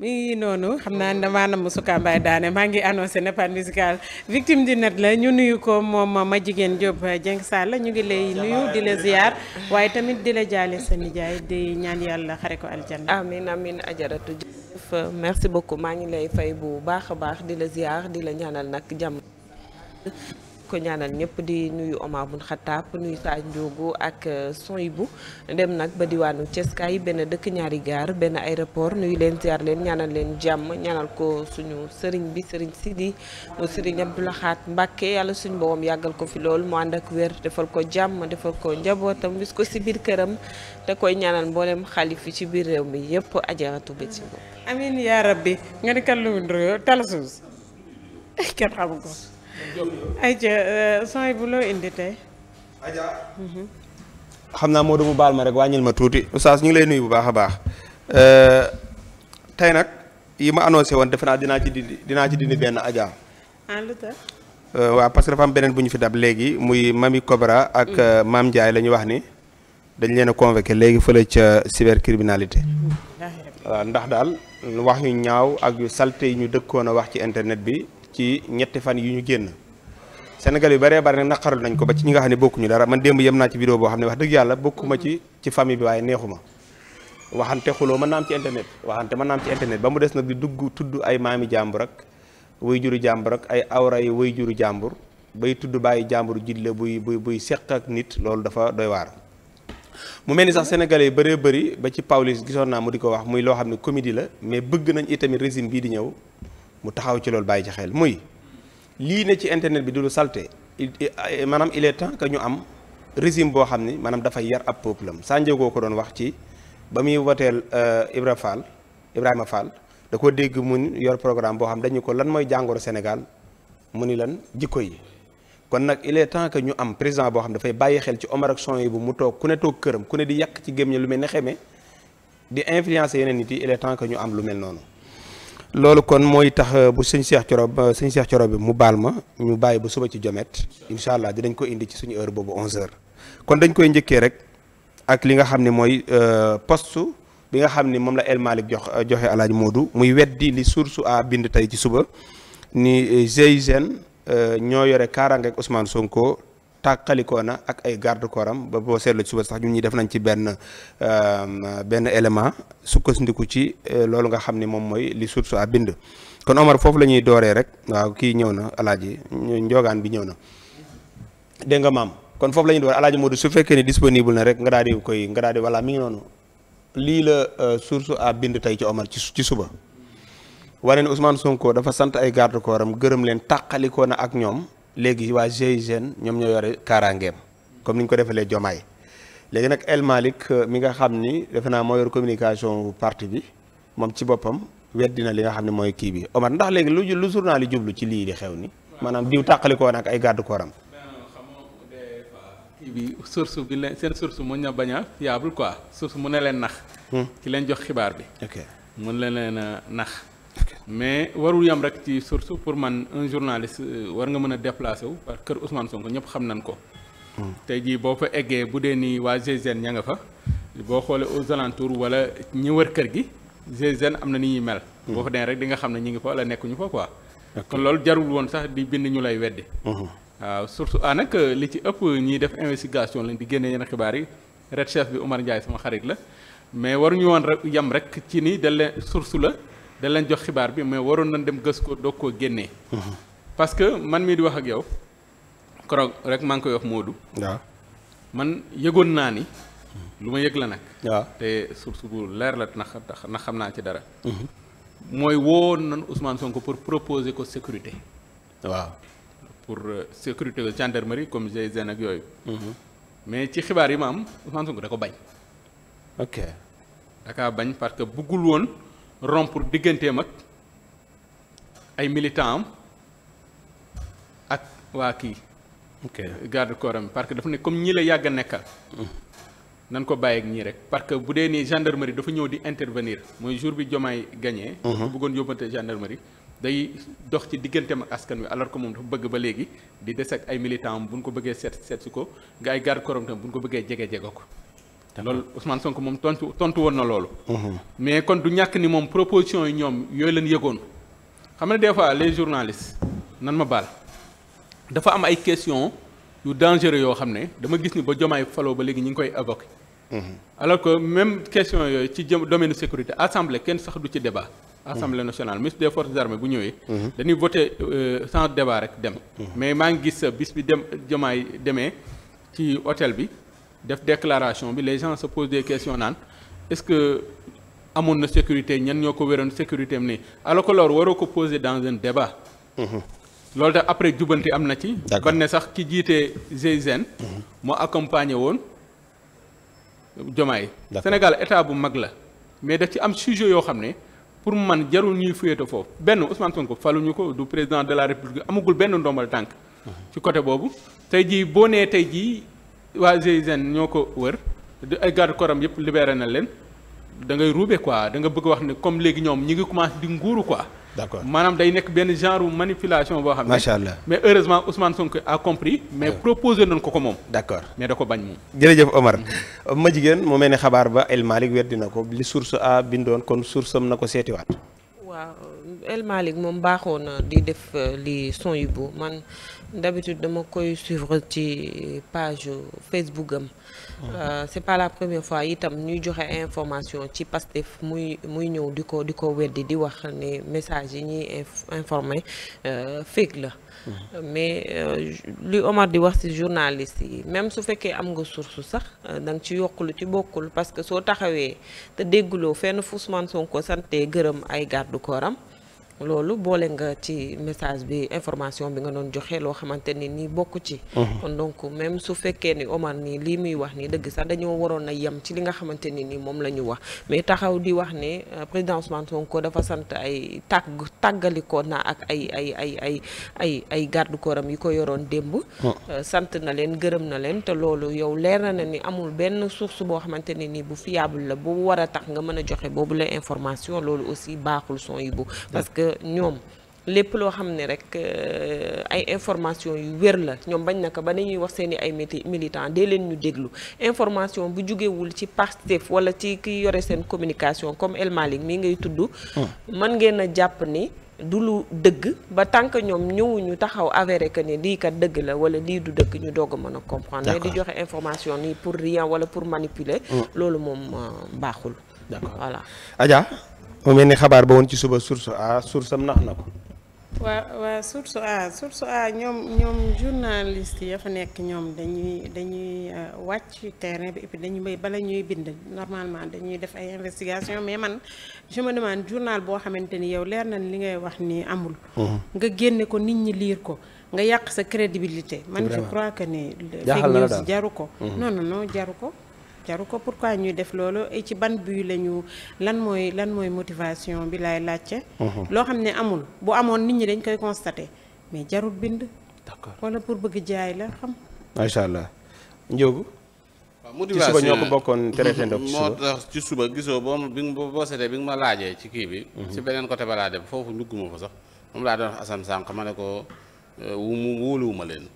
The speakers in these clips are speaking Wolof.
mi noonu xam naa ne maanaam Souka Mbaye daane maa ngi annoncé ne pan musical victime net la ñu nuyu ko moom ma jigéen Diop Dieng Sall ñu ngi lay nuyu di la ziar waaye tamit di la jaale sa nijaay di ñaan yàlla xare ko aljanna. amiin amiin ajaratu jërëjëf merci beaucoup maa ngi lay fay bu baax a baax di la ziar di la ñaanal nag jàmm. ko ñaanal ñëpp di nuyu Omar bun Xataab nuyu Saaj Ndiogo ak euh, bu dem nag ba diwaanu Ceskaay benn dëkk ñaari gaar benn aéroport nuyu leen ziar leen ñaanal leen jàmm ñaanal ko suñu sëriñ bi sëriñ Sidi mu sëriñ Abdou Lahad Mbàkke yàlla suñu boobam yàggal ko fi lool mu ànd ak wér defal ko jàmm defal ko njabootam bis ko si biir këram te koy ñaanal mbooleem xalif yi ci biir réew mi yëpp ajaratu bi si bopp. amiin ayca euh, sooy bu indi tey. Adja. Mhm. xam naa Modou mu baal ma rek wàññil ma tuuti oustaz ñu ngi lay nuyu bu baax a baax euh, tey nag yi ma annoncé woon defe naa dinaa ci dindi dinaa ci dindi benn Adja. ah euh, waaw parce que dafa am beneen bu ñu fi dab léegi muy Mami Cobra ak mhm. maam Ndiaye la ñu wax ni dañ leen a convoqué léegi fële ca cybercriminalité. waaw ndax daal wax yu ñaaw ak yu salte yi ñu dëkkoon a wax ci internet bi. ci ñetti fan yu ñu génn Sénégal yu bëree bëri nag naqarul nañ ko ba ci ñi nga xam ne bokkuñu dara man démb yem naa ci vidéo boo xam ne wax dëgg yàlla bokkuma ci ci famille bi waaye neexuma waxante xuloo mën naa am ci internet waxante mën naa ci internet ba mu des nag di dugg tudd ay maami jàmbur ak way juru jàmbur ak ay awra yi way juru jàmbur bay tudd bàyyi jàmbur jidle buy buy buy seq ak nit loolu dafa doy waar mu mel ni sax sénégalais yi bëree bëri ba ci Pawlish gisoon naa mu di ko wax muy loo xam ne comédie la mais bëgg nañ itamit régime bii di ñëw mu taxaw ci loolu bàyyi ci xel muy lii ne ci internet bi du lu salte maanaam il est temps que ñu am résime boo xam ni maanaam dafay yar ab peuple am Sa Ndiogou ko doon wax ci ba muy woteel euh, Ibra Fall Ibrahima Fall da ko dégg mun yor programme boo xam dañu ko lan mooy jàngoro Sénégal mu ni lan jikko yi kon nag il est temps que ñu am président boo xam dafay bàyyi xel ci Omar ak son yi bu mu toog ku ne toog këram ku ne di yàq ci gémmiñ lu mel ne xeme di influencer yeneen nit yi il est que ñu am lu mel noonu loolu kon mooy tax euh, bu sëñ Cheikh Thioro euh, sëñ Cheikh Thioro bi mu baal ma ñu bàyyi ba suba ci jomet incha allah dinañ ko indi ci suñu heure boobu 11h kon dañ koy njëkkee rek ak li nga xam ni mooy euh, poste bi nga xam ne moom la El Malick jox joxe alaaj Moodu muy weddi li source a bind tey ci suba ni GIGN ñoo yore kaaraange ak Ousmane Sonko tàqalikoo na ak ay garde corps ba boo seetlu ci suba sax ñu ñi def nañ ci benn euh, benn élément sukkandiku ci euh, loolu nga xam ne moom mooy li source a bind kon Omar foofu la ñuy dooree rek waaw kii ñëw na alaaji njogaan bi ñëw na dégg nga maam kon foofu la ñuy dooree moo Modou su fekkee ne disponible na rek nga daal di koy nga daal di voilà mi ngi noonu lii la euh, source a bind tey ci Omar ci ci suba wane ne Ousmane Sonko dafa sant ay garde corps am gërëm leen tàqalikoo na ak ñoom léegi waa GIGN ñoom ñoo yore kaaraangeem comme ni ñu ko defalee Jomaay léegi nag El Malick euh, mi nga xam ni defe naa moo yor communication parti bi moom ci boppam weddi na li nga xam ne mooy kii bi Omar ndax léegi lu lu journal yi jublu ci lii di xew ni maanaam diw tàqalikoo nag ay gàddu kooram. kii bi source bi leen seen source mu ñu bañ a fiable quoi source mu ne leen nax. Hmm. ki leen jox xibaar bi. ok mun leen leen nax. mais warul yam rek ci source pour man un journaliste euh, war nga mën a déplacé wu parce que kër Ousmane Sonko ñëpp xam nañ ko. Hmm. tey jii boo fa eggee bu dee nii waa GIGN ña fa boo xoolee aux alentours wala ñi wër kër gi GIGN am na ni ñuy mel. Hmm. boo fa demee rek di xam ne ñu ngi fa wala nekkuñu fa quoi. kon loolu jarul woon sax di bind ñu lay weddi. Hmm. waaw surtout ah nag euh, li ci ëpp ñiy def investigation lañ di génne yenn xibaar yi red chef bi Omar Ndiaye sama xarit la. dañ leen jox xibaar bi mais waroon nañ dem gës ko doog koo génnee. parce que man mii di wax ak yow keroog rek maa ngi koy wax Moodu. waaw man yëgoon naa ni. lu ma yëg la nag. waaw te source bu leer la ndax ndax xam naa ci dara. Mhm. mooy woon nañ Ousmane Sonko pour proposer ko sécurité. waaw pour euh, sécurité de gendarmerie comme GIGN ak yooyu. Mhm. mais ci xibaar yi ma am Ousmane Sonko da ko bañ. ok da kaa bañ parce que buggul woon. rompre digganteem mag ay militant am ak waa kii. ok garde corps am parce que dafa ne comme ñii la yàgg a nekkal. Mm. nan ko bàyyeek ñii rek parce que bu dee ni gendarmerie dafa ñëw di intervenir mooy jour bi Diomaye gagné. bu mm-hmm. bëggoon yóbbante gendarmerie. day dox ci digganteem ak askan wi alors ko moom dafa bëgg ba léegi di des ak ay militant am bu ñu ko bëggee seet seet si ko nga ay garde corps tam bu ñu ko bëggee jege jege ko. loolu Ousmane Sonko moom tontu tontu woon na loolu. Mhm. mais kon du ñàkk ni moom proposition yi ñoom yooyu leen yëgoon xam ne des fois les journalistes nan ma baal dafa am ay questions yu dangereux yoo xam ne dama gis ni ba jomaay faloo ba léegi ñu ngi koy évoqué. Mhm. alors que même question yooyu ci domaine sécurité assemblée kenn sax du ci débat. Mhm. assemblée nationale ministre des forces armées bu ñëwee. dañuy voté euh, sant débat rek dem. mais maa ngi gis bis bi dem jomaay demee ci hôtel bi. def déclaration bi les gens se posent des naan est-ce que amoon na sécurité ñan ñoo ko wéroon sécurité am nii alors que loolu waroo ko poser dans un débat. Mhm. loolu tax après jubanti am na ci. ban ne sax ki jiite GIGN. Mhm. moo accompagné woon Diomaye. Sénégal état bu mag la mais daf ci am sujet yoo xam ne pour man jarul ñuy fuyeete foofu benn ko falu ñu ko du président de la République amagul benn ndombal tànk. Mhm. ci côté boobu tey jii boo nee tey jii. waa GIGN ñoo ko wër di ay garde corps am yëpp libéré na leen da ngay ruube quoi da bëgg wax ne comme léegi ñoom ñi ngi commencé di nguuru quoi. d'accord maanaam day nekk benn genre manipulation boo xam ne macha allah mais heureusement Ousmane Sonko a compris mais proposé nañ ko ko moom d'accord mais da ko bañ moom jërëjëf Omar mm-hmm. ma jigéen mu mel xabaar ba El Malick weddi na ko li source a bindoon kon source am na ko seetiwaat waaw d'habitude dama koy suivre ci page Facebook am. Mhm. Euh, c'est pas la première fois itam ñuy joxe information ci Pastef muy muy ñëw di ko di ko weddi di wax ne message yi ñuy informé euh, fake la. Mhm. mais euh, li Omar di wax ci journaliste yi même su fekkee am nga source sax euh, da nga ci yokk lu ci bokkul parce que soo taxawee te dégguloo fenn fu Ousmane ko sante gërëm ay garde corps loolu boole nga ci message bi information bi nga doon joxe loo xamante ni nii bokk ci. Mhm. kon donc même su fekkee ni Omar nii lii muy wax nii dëgg sax dañoo waroon a yem ci li nga xamante ni nii moom la ñu wax mais taxaw di wax ne euh, présidencement Ousmane Sonko dafa sant ay tagg tàggali tàggalikoo na ak ay ay ay ay ay ay garde corps yi ko yoroon démb. Oh. Euh, sant na leen gërëm na leen te loolu yow leer na ni amul benn source boo xamante ne ni bu fiable la bu war a tax nga mën a joxe boobu la information loolu aussi baaxul son yi que ñoom lépp loo xam ne rek euh, ay information yu wér la ñoom bañ na ko ba dañuy wax seen i ay militant de leen ñu déglu information bu jugewul ci Pastef wala ci ki yore seen communication comme El Malick mii ngay tudd man hmm. ngeen a jàpp ni du lu dëgg ba tant que ñoom ñëwuñu taxaw avéré que ni lii kat dëgg la wala lii du dëgg ñu doog a mën a comprendre mais di joxe information nii pour rien wala pour manipuler hmm. loolu moom euh, baaxul d'accord mu mel ni xabaar ba woon ci suba source a source am nax na ko waaw waaw source a source a ñoom ñoom journaliste ya fa nekk ñoom dañuy dañuy euh, wàcc terrain bi et puis dañuy bay bala ñuy bind normalement dañuy def ay investigation mais man je me demande journal boo xamante ni yow leer na li ngay wax ni amul mhm. nga génne ko nit ñi liir ko nga yàq sa crédibilité man je crois que ne fake news jaru ko mhm. jaru ko pourquoi ñuy def loolu ci ban buy la ñu lan mooy lan mooy motivation bi laay laajte. Mhm. loo xam ne amul bu amoon nit ñi dañ koy constater mais jarul bind. d'accord wala pour bëgg jaay la xam. macha allah Ndiogou. motivation ci suba ñoo ko bokkoon traité ndox ci suba moo tax ci gisoo boo bi boo seetee bi nga ma laajee ci kii bi. Mhm. ci beneen côté balaa dem foofu ndugg ma fa sax moom laa doon wax Assane sànq ma ne ko euh, wu mu wóoluwuma leen.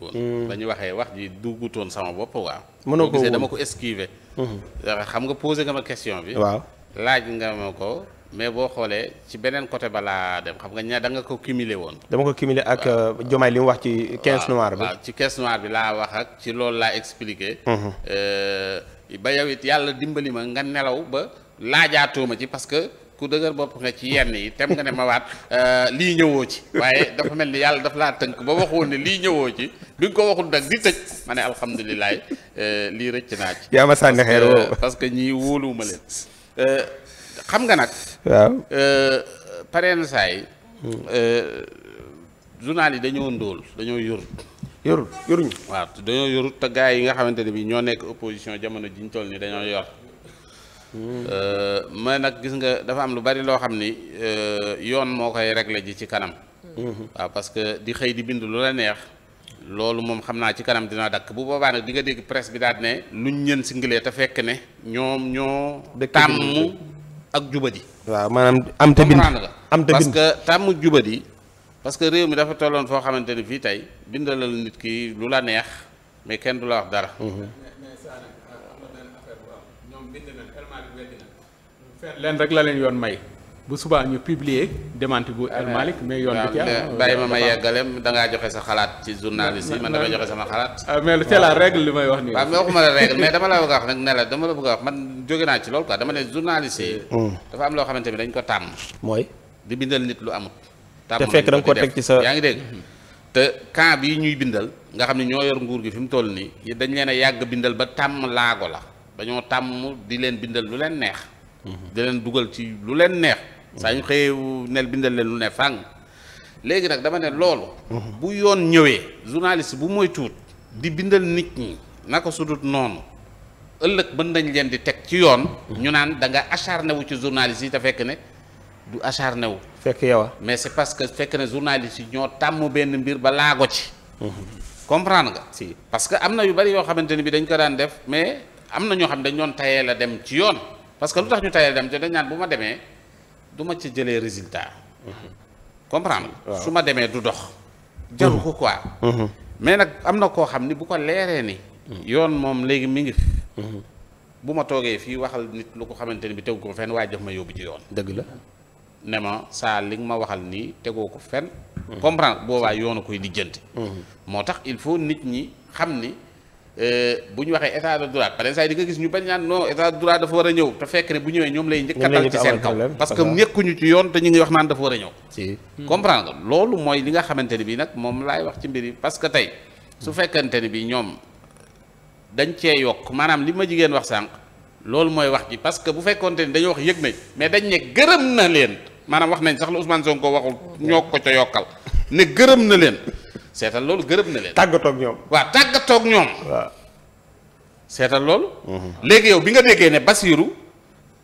woon hmm. ba ñu waxee wax ji duggutoon sama bopp waaw mënoo ko dama ko esquiver hmm. euh, xam nga posé nga ma question bi waaw laaj nga ma ko mais boo xoolee ci beneen ba balaa dem xam nga ña da nga ko cumulé woon. dama ko cumulé ak euh, Diomaye li mu wax ci. caisse noire bi ci caisse noire bi laa wax ak ci loolu laa expliqué. Hmm. Euh, ba yow it yàlla dimbali ma nga nelaw ba laajaatoo ma ci parce que. ku dëgër bopp nga ci yenn yi tem nga ne ma waat euh, lii ñëwoo ci waaye dafa mel ni yàlla daf laa tënk ba waxoon ne lii ñëwoo ci bi ko waxul nag di tëj ma ne alhamdulilah euh, lii rëcc naa ci. yaa ma sànni xeer parce que ñii wóoluwuma leen. Euh, xam nga nag. waaw. parents yi. journal yi dañoo ndóol dañoo yorut. yorut yoruñu. waaw dañoo yorut te gars yi nga xamante ne bii ñoo nekk opposition jamono ji ñu toll nii dañoo yor. Euh, ma nag gis nga dafa am lu bari loo xam ni euh, yoon moo koy régler ji ci kanam. Mm-hmm. waaw parce que di xëy di bind lu la neex. loolu moom xam naa ci kanam dina dakk bu boobaa nag di nga dégg presque bi daal ne luñ ñën singilee te fekk ne ñoom ñoo tàmm ak jubadi waaw maanaam am te bind am te que tàmm jubadi parce que réew mi dafa tolloon foo xamante ni fii tey bindalal nit ki lu la neex mais kenn du la wax dara mm-hmm. mbind leen rek la leen yoon may bu subaa ñu piblier démenti bu El Malick mais yoon bi ci am ma ma yeggale da ngaa joxe sa xalaat ci journaliste yi man damay joxe sama xalaat ah, mais c'est la may wax nii waaw mais mais dama la a wax nag ne la a wax naa ci loolu dama ne journaliste mm. am loo xamante ni dañ ko tàmm mooy di bindal nit lu amut tàmm te fekk da nga ci sa yaa ngi dégg te camp bi ñuy bindal nga xam ne ñoo yor nguur gi fi mu toll nii dañ leen a yàgg bindal ba tàmm laago la dañoo tàmm di leen bindal lu leen neex. Mhm. di leen dugal ci lu leen neex. Mhm. saa ñu xëyee nel bindal leen lu ne fàng. léegi nag dama ne loolu. Mhm. bu yoon ñëwee journaliste bu mooy tuut di bindal nit ñi naka sudut noonu ëllëg mën nañ leen di teg ci yoon. ñu naan da nga acharné wu ci journaliste yi te fekk ne du acharné wu. fekk yow mais c'est parce que fekk ne journaliste yi ñoo tàmm benn mbir ba laago ci. comprendre nga. parce que am na yu bari yoo xamante ni bi dañ ko daan def mais. am na ñoo xam ne dañ doon tayee la dem ci yoon parce que lu tax ñu tayee la dem ci dañ naan bu ma demee du ma ci jëlee résultat comprendre su ma demee du dox jaru ko quoi mais nag am na koo xam ni bu ko leeree ni yoon moom léegi mi ngi fi bu ma toogee fii waxal nit lu ko xamante ni bi tegu ko fenn waaye jox ma yóbbu ci yoon dëgg la ne ma saa li nga ma waxal nii tegoo ko fen mm-hmm. comprendre boobaa yoon a koy lijjanti mm-hmm. moo tax il faut nit ñi xam ni Euh, bu ñu waxee état de droit par exemple di nga gis ñu bañ naan non état de dafa war a ñëw te fekk ne bu ñëwee ñoom lay njëkk a dal ci seen kaw parce que nekkuñu ci yoon te ñu ngi wax naan dafa war a ñëw hmm. comprendre loolu mooy li nga xamante ne bi nag moom laay wax ci mbir yi parce que tey su fekkante ne bi ñoom dañ cee yokk maanaam li ma jigéen wax sànq loolu mooy wax ji parce que bu fekkonte ni dañoo wax yëg nañ mais dañ ne gërëm na leen maanaam wax nañ sax la Ousmane Sonko waxul ñoo ko ca yokkal gërëm na leen seetal loolu gërëm na leen. tàggatook ak ñoom. waaw tàggatoo ak ñoom. seetal loolu. Mhm. léegi yow bi nga déggee ne Basirou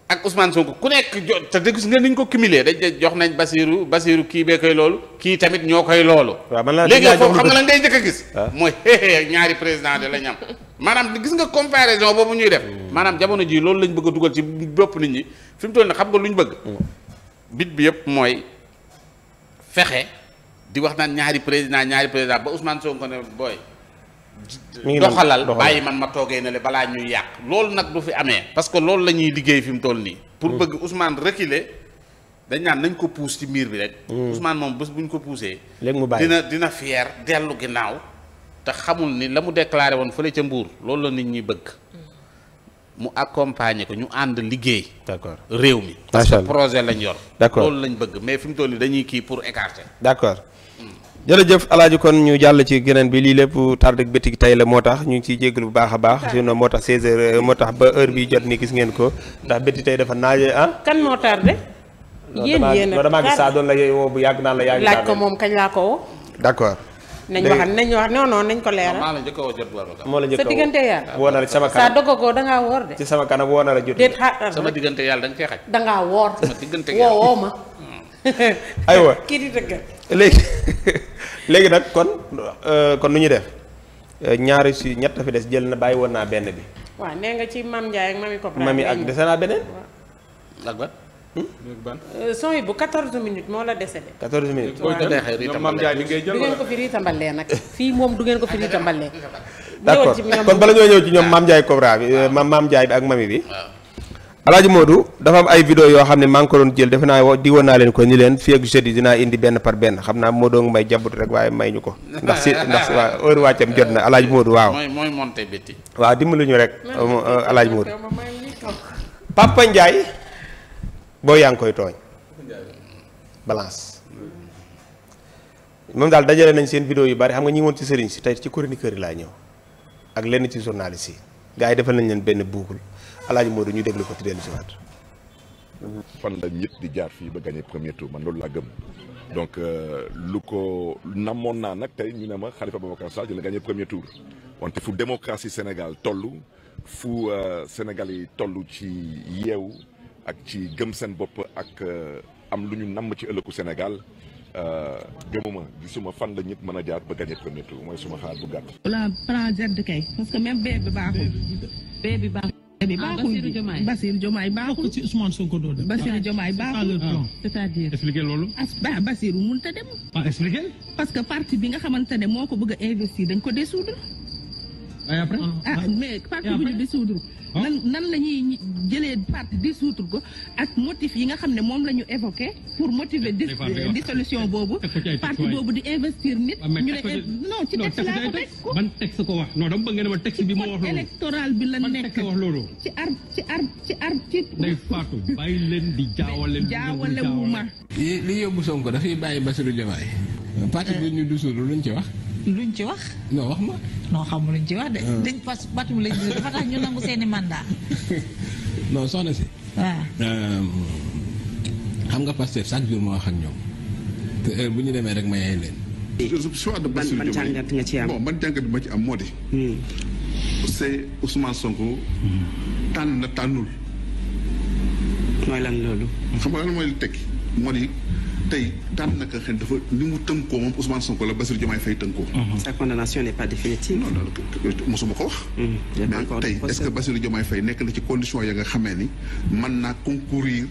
ak Ousmane Sonko ku nekk jo te gis nga ni ko cumulé dañ jox nañ Basirou Basirou kii bee koy loolu kii tamit ñoo koy loolu. waaw man léegi foofu xam nga lan ngay njëkk a gis. Ah. mooy ñaari président de la ñam maanaam gis nga comparaison boobu ñuy def. Mm. maanaam jamono jii loolu lañ bëgg a dugal ci bopp nit ñi fi mu toll nii xam nga lu ñu bëgg. Mm. bit bi yëpp mooy fexe. di wax naan ñaari président ñaari président ba Ousmane Sonko ne booy. doxalal bàyyi man ma toogee ne le balaa ñuy yàq loolu nag du fi amee. parce que loolu la ñuy liggéey fi mu toll nii. pour hmm. bëgg Ousmane reculer dañ naan nañ ko puus ci miir bi rek. Hmm. Ousmane moom bés bu ñu ko puusee. léegi mu bàyyi dina dina fier dellu ginnaaw. te xamul ni la mu déclaré woon fële ca mbuur loolu la nit ñi bëgg. mu accompagner ko ñu ànd liggéey. d'accord réew mi. parce que projet lañ yor. d'accord loolu lañ bëgg mais fi mu toll nii dañuy kii pour écarter. d'accord. jërëjëf alaaji kon ñu jàll ci geneen bi lii lépp tardek bëtik tey la moo tax ñu ngi ciy jéggalu bu baax a baax sinon moo tax 16 heures euh, moo tax ba heure bi jot ni gis ngeen ko ndax bëtti tey dafa naaje ah kan moo tardé yéen yéen a damaa gis saa doon woo bu yàgg naan la yàgg laaj ko moom kañ laa ko woo d'accord nañ wax nañ wax non non nañ ko leeral maa la njëkk a woo jot moo la a woo sa diggante yàlla ah, woo na la sama da ngaa woor de ci sama kanam woo na la jot sama diggante yàlla da nga cee xaj da ngaa woor sama diggante yàlla woo ma aywa léegi léegi nag kon euh, kon lu ñuy def euh, ñaari si ñett fi des jël na bàyyi woon naa benn bi. waa nee nga ci Mame Ndiaye ak Mami Kopra. Mami ak dese naa beneen. ak ban. Hmm? ban. Euh, son la de. 14 minutes waaw ñoom Mame Ndiaye mi ngay jël du ngeen ko fi riitambalee nag fii moom du ngeen ko fi riitambalee. d'accord kon bala ñoo ñëw ci ñoom Mame Ndiaye Kopra bi Mame Ndiaye bi ak Mami bi. Alaaji moodu dafa am ay vidéo yoo xam ne maa ngi ko doon jël defe naa di woon naa leen ko ni leen fii ak jeudi dinaa indi benn par benn xam naa Modou ngi may jabut rek waaye may ñu ko ndax si ndax si waaw heure wàccam jot na Alaaji Modou waaw. mooy mooy monté bétti. waaw ñu rek euh, Alaaji Modou. Papa Ndiaye boo yaa ngi koy tooñ. balance. moom daal dajale nañ seen vidéo yu bari xam nga ñi woon ci sëriñ si tey ci chroniqueur yi laa ñëw ak lenn ci journaliste yi gars yi defal nañ leen benn buu alaaji Modou ñu déglu ko ci dellu si waat fan la ñëpp di jaar fii ba gagné premier tour man loolu laa gëm donc euh, lu ko namoon naa nag tey ñu ne ma Khalifa Babacar Sall dina gagné premier tour wante fu démocratie Sénégal toll fu euh, Sénégal yi tollu ci yeew ak ci gëm seen bopp ak euh, am lu ñu namm ci ëllëgu Sénégal gëmuma suma fan la ñëpp mën a jaar ba gagné premier tour mooy suma xaar bu gàtt. plan plan Z kay parce que même bi baaxul bee bi ni eh, ah, baaxul bi Bassirou Diomaye baaxul ci Ousmane Sonko doo dem Bassirou ah, Diomaye baaxul ah. c'est-à-dire expliquer loolu ah Bassirou mënut a dem ah expliquer parce que bi nga xamante ne moo ko bëgg a investir dañ ko dissoudre mais après ah, ah mais parti bu ñu dissoudre nan nan la ñuy jëlee parti dissoudre ko ak motif yi nga xam ne moom la ñu évoqué pour motiver dissolution boobu parti boobu di investir nit ah, ñu ne eh, non ci texte laa ko teg ko ban texte ko wax non dama bëgg nga ne ma texte bi moo wax loolu électoral bi la nekk wax loolu ci ar ci ar ci ar ci day faatu bàyyi leen di jaawale jaawale wu ma li yóbbu Sonko dafay bàyyi Bassirou Diomaye eh. parti bi ñu dissoudre luñ ci wax luñ ci wax. non wax ma. non xam luñ ci wax de. Ah. dañ pas batum lañ ci dafa tax ñu nangu seeni mandat non soxna si. waaw. Ah. Euh, xam nga Pastef chaque jour moo wax ak ñoom te heure bu ñu demee rek ma yaay leen. ban ban jàngat nga ci ban jàngat ma ci am moo di. Hmm. c'est Ousmane Sonko. tànn na tànnul. mooy lan loolu. xam nga lan mooy li tekki tey daanaka xel dafa li mu tënkoo moom Ousmane Sonko la Bassirou Diomaye Faye tënkoo. Mm-hmm. mosuma ko wax. Mm-hmm. tey est-ce que Bassirou Diomaye Faye nekk na ci condition ya nga xamee ni mën naa concourir.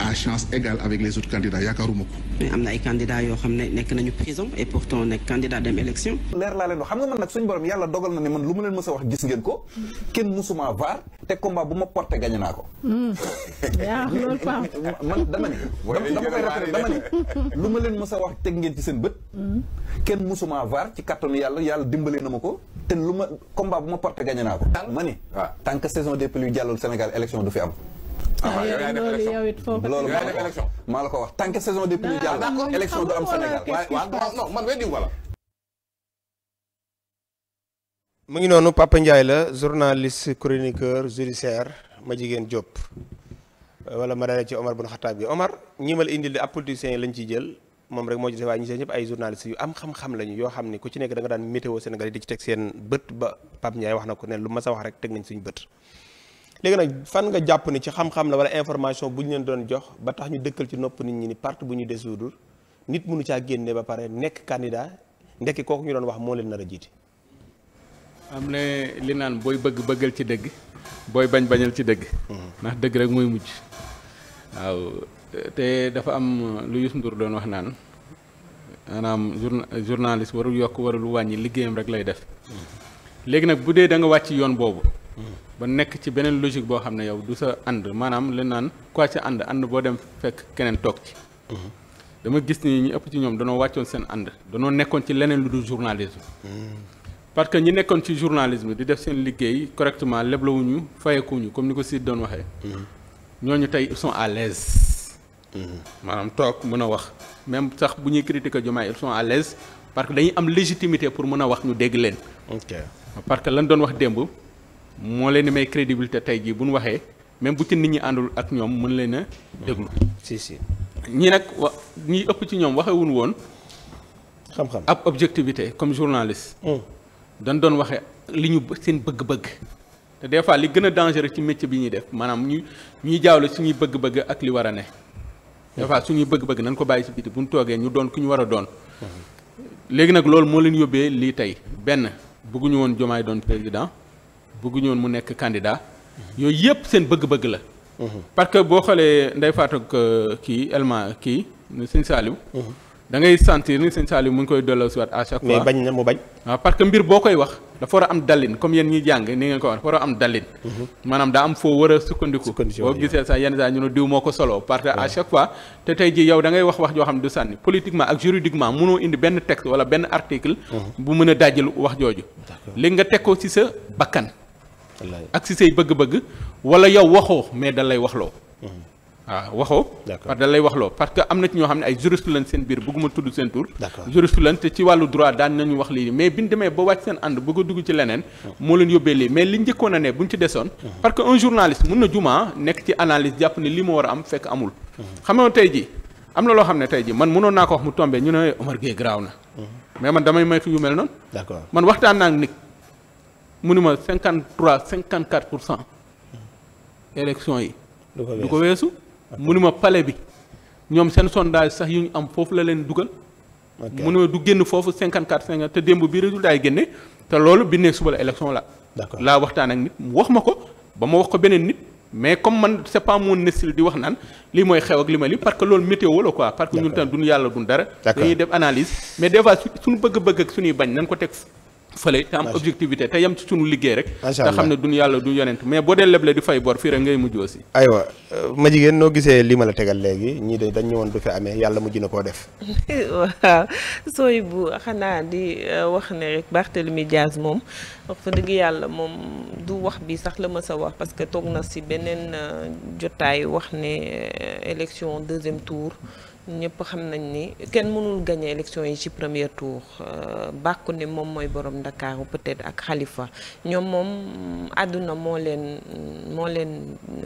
à chance égale avec les autres candidats yaakaaruma ko. mais am na ay candidats yoo xam ne nekk nañu prison et pourtant nekk candidat dem élection. leer laa leen wax xam nga man nag suñu borom yàlla dogal na ne man lu ma leen mës a wax gis ngeen ko. kenn mësuma vaar te combat bu ma porté hmm. lu ma leen mës a wax teg ngeen ci seen bët. Hmm. kenn mësuma vaar ci kattanu yàlla yàlla dimbale na ma ko te lu ma combat bu ma porté gagné naa ko. ma ne tant que saison des pluies jàllul Sénégal élection du fi am. ah loolu maa la ko wax tant que saison des pluies jàll élection du am Sénégal waaw non man weddi wala mu ngi noonu Papa Ndiaye la journaliste chroniqueur judiciaire ma jigéen Diop wala ma dalee ci Omar bun Xataab bi Omar ñi ma la indil di ab politiciens yi lañ ci jël moom rek moo ci def waaye ñi seen ñëpp ay journalistes yu am xam-xam lañu yoo xam ni ku ci nekk danga daan météo Sénégal yi di ci teg seen bët ba Pape Ndiaye wax na ko ne lu ma sa wax rek teg nañ suñu bët léegi nag fan nga jàpp ni ci xam-xam la wala information bu ñu leen doon jox ba tax ñu dëkkal ci nopp nit ñi ni parti bu ñu des désoudre nit mënu caa génne ba pare nekk candidat ndekki kooku ñu doon wax moo leen nar a jiite. am na li naan booy bëgg bëggal ci dëgg booy bañ bañal ci dëgg. Mm-hmm. ndax dëgg rek mooy mujj. waaw te dafa am lu Youssou Ndour doon wax naan maanaam journa journaliste warul yokk warul wàññi liggéeyam rek lay def. Mm-hmm. léegi nag bu dee da nga wàcc yoon boobu. Mm-hmm. ba nekk ci beneen logique boo xam ne yow du sa ànd maanaam li naan quoi ci ànd ànd boo dem fekk keneen toog ci. dama gis ni ñu ëpp ci ñoom danoo wàccoon seen ànd danoo nekkoon ci leneen lu dul journalisme. parce que ñi nekkoon ci journalisme di def seen liggéey correctement leblawuñu fayekuñu comme ni ko Sidi doon waxee. ñoo ñu tey ils sont à l'aise maanaam toog mën a wax même sax bu ñuy critiquer Diomaye ils son à l'aise parce que dañuy am légitimité pour mën a wax ñu dégg leen. ok parce que lan doon wax démb. moo leen di may crédibilité tey jii bu ñu waxee même bu ci nit ñi àndul ak ñoom mën leen a déglu. si si ñi nag wa ëpp ci ñoom waxewuñu woon. xam-xam ab objectivité comme journaliste. Mm. dañ doon waxe li ñu seen bëgg-bëgg. te des fois li gën a dangereux ci métier bi ñuy def maanaam ñu ñuy jaawle ñuy bëgg-bëgg ak li war a ne. des fois suñuy bëgg-bëgg nañ ko bàyyi si biti bu ñu toogee ñu doon ku ñu war a doon. Mm-hmm. léegi nag loolu moo leen yóbbee lii tey benn bëgguñu woon Diomaye doon président. bëgguñu woon mu nekk candidat yooyu yëpp seen bëgg-bëgg la. parce que boo xoolee Ndeye Fatou euh, kii Elma kii Sëñ Saliou. da ngay sentir ni Sëñ Saliou mu ngi koy delloosiwaat à chaque fois. mais bañ na mu mbir boo koy wax dafa war a am dalin comme yéen ñuy jàng ni ngeen ko wax dafa a am dalin. maanaam daa a sukkandiku. boo gisee sax ñu ne diw moo ko solo parce que à chaque fois te tey jii yow da wax wax joo xam ne du sànni politiquement ak juridiquement mënoo indi benn texte wala benn article. Mhm. bu mën a dajal wax jooju. li nga teg ko ci sa bakkan. ak si say bëgg-bëgg wala yow waxoo mais da lay waxloo waaw mm-hmm. ah, waxoo parce da lay waxloo parce que am na ci ñoo xam ne ay juriste lañ seen biir bëgguma tudd seen tur juriste lañ te ci wàllu droit daan nañu wax lii mais bi ñu demee ba wàcc seen ànd bëgg a dugg ci leneen mm. moo leen yóbbee lii mais li njëkkoon a ne bu ñu ci desoon mm. parce que un journaliste mun na juma nekk ci analyse jàpp ne li mu war a am fekk amul mm-hmm. xam nga ji am na loo xam ne tey ji man mënoon naa ko mu tombee ñu ne Omar Gueye garaaw mu ni ma cinquante trois cinquante quatre pour cent élection yi. du ko weesu mu ni ma palais bi ñoom seen sondage sax yu ñu am foofu la leen dugal. mu ni ma du génn foofu cinquante quatre cinquante te démb bi résultat yi génne te loolu bi nekk suba la élection la. laa waxtaan ak nit mu wax ma ko ba ma wax ko beneen nit. mais comme man c'est pas mon di wax naan li mooy xew ak li ma li parce que loolu météo la quoi parce que ñun tam duñu yàlla duñ dara dañuy def analyse des fois suñu bëgg-bëgg ak suñuy bañ nañ ko teg fële te am objectivité te yem ci sunu liggéey rek te xam ne du yàlla du yonent mais boo dee leble di fay bor fii rek ngay mujj aussi aywa ma jigéen noo gisee li ma la tegal léegi ñii dañ ñëwoon du fi amee yàlla mujj na koo def waaw sooy bu xanaa di euh, wax ne rek Barthélemy Diaz moom wax fa dëgg yàlla moom du wax bi sax la ma sa wax parce que toog na si beneen euh, jotaay wax ne euh, élection deuxième tour ñëpp xam nañ ni kenn mënul gagner élection yi ci premier tour euh, bàkku ne moom mooy borom ndakaaru peut-être ak xalifa ñoom moom àdduna moo leen moo leen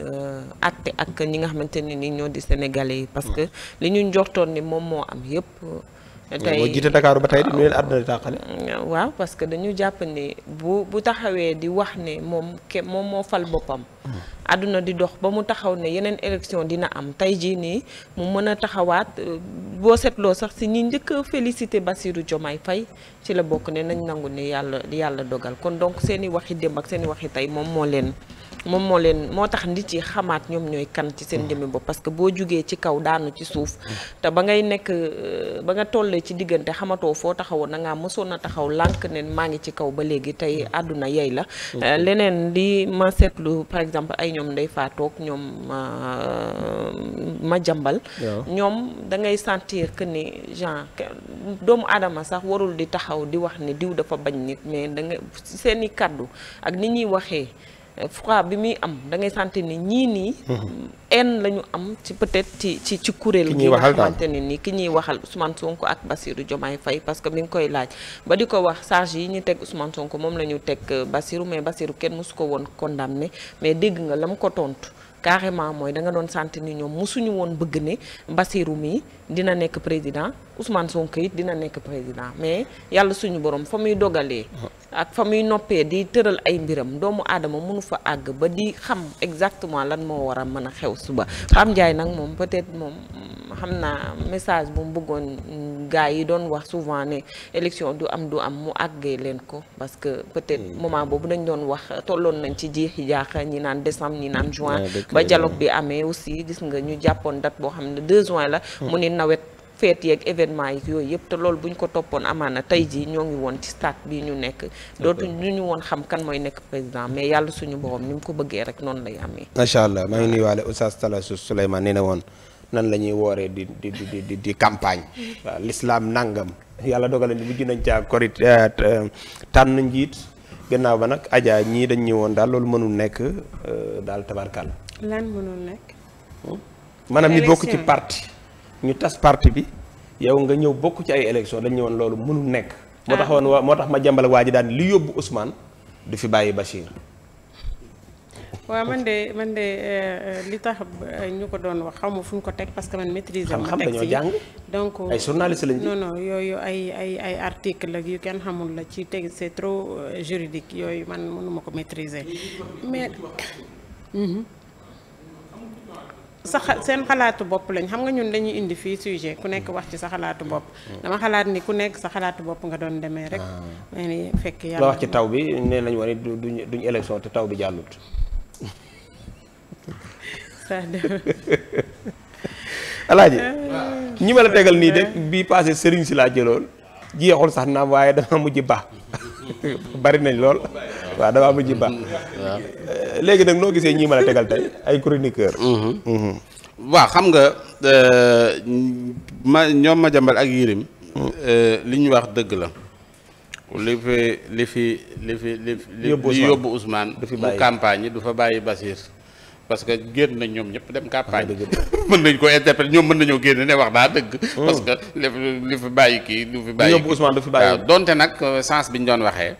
euh, àtte ak ñi nga xamante ne ni ñoo di sénégalais yi parce mm. que li ñu njortoon ni moom moo am yëpp tey moo jiite Dakar ba tey di nu leen àdduna di tàqale. waaw parce que dañu jàpp ni bu bu taxawee di wax ne moom ke moom moo fal boppam. Hmm. àdduna di dox ba mu taxaw ne yeneen élection dina am tey jii nii mu mën a taxawaat boo seetloo sax si ñi njëkk a félicité Bassirou Diomaye fay ci la bokk ne nañ nangu ne yàlla yàlla dogal kon donc seen i waxi démb ak seen i waxi tey moom moo leen. moom moo leen moo tax nit yi xamaat ñoom ñooy kan ci seen mm. jëmmi ba parce que boo jugee ci kaw daanu ci suuf mm. te ba ngay nekk euh, ba nga tollee ci diggante xamatoo foo taxawoon na ngaa mësoon a taxaw lànk ne maa ngi ci kaw ba léegi tey mm. àdduna yey la euh, leneen di ma seetlu par exemple ay ñoom ndey faatoog ñoom euh, ma jambal ñoom da ngay sentir que ni genre doomu aadama sax warul di taxaw di wax ni diw dafa bañ nit mais da nga seeni kàddu ak ni ñuy waxee froid bi muy am da ngay sentir ni ñii nii. Mhm. en lañu am ci peut-être ci ci ci kuréel gi nga xamante ne ni ki ñuy waxal Ousmane Sonko ak Bassirou Diomaye fay parce que mi nga koy laaj ba di ko wax charge yi ñu teg Ousmane Sonko moom la ñu teg euh, Bassirou mais Bassirou kenn mosu ko woon condamné mais dégg nga la mu ko tontu. carrément mooy da nga doon sant ni ñoom mosuñu woon bëgg ni Bassirou mii dina nekk président Ousmane sonk it dina nekk président mais yàlla suñu borom fa muy dogalee. ak fa muy noppee di tëral ay mbiram doomu aadama munu fa àgg ba di xam exactement lan moo war a mën a xew suba. Pape njaay nag moom peut-être moom xam naa message bu mu bëggoon gars yi doon wax souvent ne élection du am du am mu àggee leen ko parce que peut-être mm. moment boobu dañ doon wax tolloon nañ ci jiixi jaaxa ñi naan décembre ñi naan juin. ba dialogue bi amee aussi gis nga ñu jàppoon dat boo xam ne 2 juin la. Mm. mu ni nawet. feet yeeg événement yi yooyu yëpp te loolu bu ñu ko toppoon amaana tey jii ñoo ngi woon ci stade bi ñu nekk dootu ñu ñu woon xam kan mooy nekk président mais yàlla suñu borom ni mu ko bëggee rek noonu lay amee macha allah maa ngi ah. nuyuwaale oustaz Talasu Souleymane nee na woon nan la ñuy wooree di di di di di campagne waaw l'islam nangam yàlla dogale ni mujj nañ caa korit eh, eh, tànn njiit gannaaw ba nag ajaa ñii dañ woon daal loolu mënul nekk eh, daal tabarkal lan mënul hmm? bokk ci ñu tas parti bi yow nga ñëw bokk ci ay élection dañ ñëwoon loolu mënul nekk moo tax woon moo tax ma jàmbal waa ji daan li yóbbu Ousmane du fi bàyyi Bachir waaw man de man de euh, euh, li tax euh, ñu ko doon wax xawma fu ñu ko teg parce que man maîtriser ma teg si donc ay journaliste lañu non non yooyu ay ay ay article la yu kenn xamul la ci teg c'est trop juridique yooyu man mënuma ko maîtriser mais mhm. sa seen xalaatu bopp lañ xam nga ñun dañuy indi fii sujet ku nekk wax ci sa xalaatu bopp. dama xalaat ni ku nekk sa xalaatu bopp nga doon demee rek. Ah. ma ni fekk yàlla wax ci taw bi nee nañu woon duñ duñ élection te taw bi jàllut. alaaji euh, ñi ma la nii de bii passé sëriñ si laa jëloon jeexul sax naam waaye dama mujj baax. bari nañ lool waaw damaa mujj baax. waaw léegi nag noo gisee ñii mën a tegal tey ay chroniqueur. Mhm. Mhm. waa xam nga euh, ma ñoom ma jambal ak Yirim. Mhm. Euh, li ñu wax dëgg la. li fi li fi li fi li yóbbu Ousmane mu campagne yi du fa bàyyi Basir parce que génn nañ ñoom ñëpp dem campagne ah, mën nañ ko interpréter ñoom mën nañoo génn ne wax daa dëgg hmm. parce que li fi bàyyi kii du fi bàyyi waaw donte nag euh, sens bi ñu doon waxee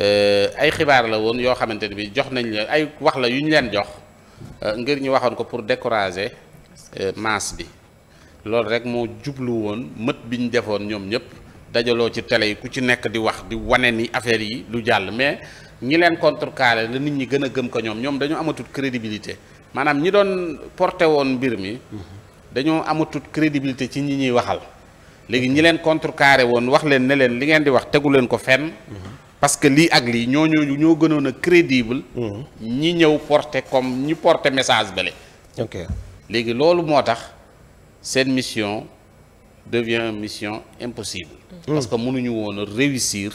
euh, ay xibaar la woon yoo xamante ne bi jox nañ leen ay wax la yu ñu leen jox euh, ngir ñu waxoon ko pour décourager masse bi loolu rek moo jublu woon mët bi ñu defoon ñoom ñëpp dajaloo ci télé yi ku ci nekk di wax di wane ni affaire yi du jàll mais ñi leen contrecarré la nit ñi gën a gëm ko ñoom ñoom dañu amatut crédibilité maanaam ñi doon porté woon mbir mi dañoo amatut crédibilité ci ñi ñuy waxal léegi ñi leen contre contrecarré woon wax leen ne leen li ngeen di wax tegu leen ko fenn parce que lii ak lii ñoo ñoo ñoo gënoon a crédible ñi ñëw porté comme ñi porté message bale ok léegi loolu moo tax seen mission devient mission impossible mm. parce mënuñu woon réussir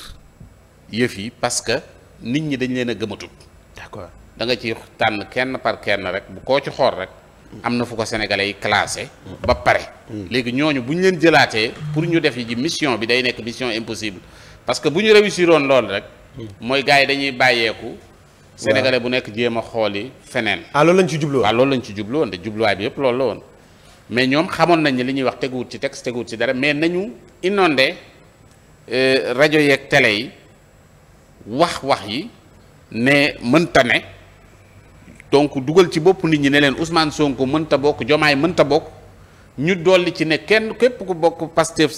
yëf yi parce nit ñi dañ leen a gëmatut d'accord da nga ci tànn kenn par kenn rek bu koo ci xool rek am na fu ko sénégalais yi classé ba pare mm. léegi ñooñu bu ñu leen jëlaatee pour ñu def yi ji mission bi day nekk mission impossible parce que bu ñu réussiroon lool rek mm. mooy gars yi dañuy bàyyeeku sénégalais bu nekk jéem a xooli feneen ah loolu lañ ci jublu waaw lañ ci jublu woon de jubluwaay bi yëpp loolu la woon mais ñoom xamoon nañ ne li ñuy wax teguwut ci texte teguwut ci dara mais nañu inondé euh, rajo yeeg télé yi wax wax yi ne mënta ne donc dugal ci bopp nit ñi neleen leen Ousmane Sonko mënta bokk Jomaay mënta bokk ñu dolli ci ne kenn képp ku bokk Pastef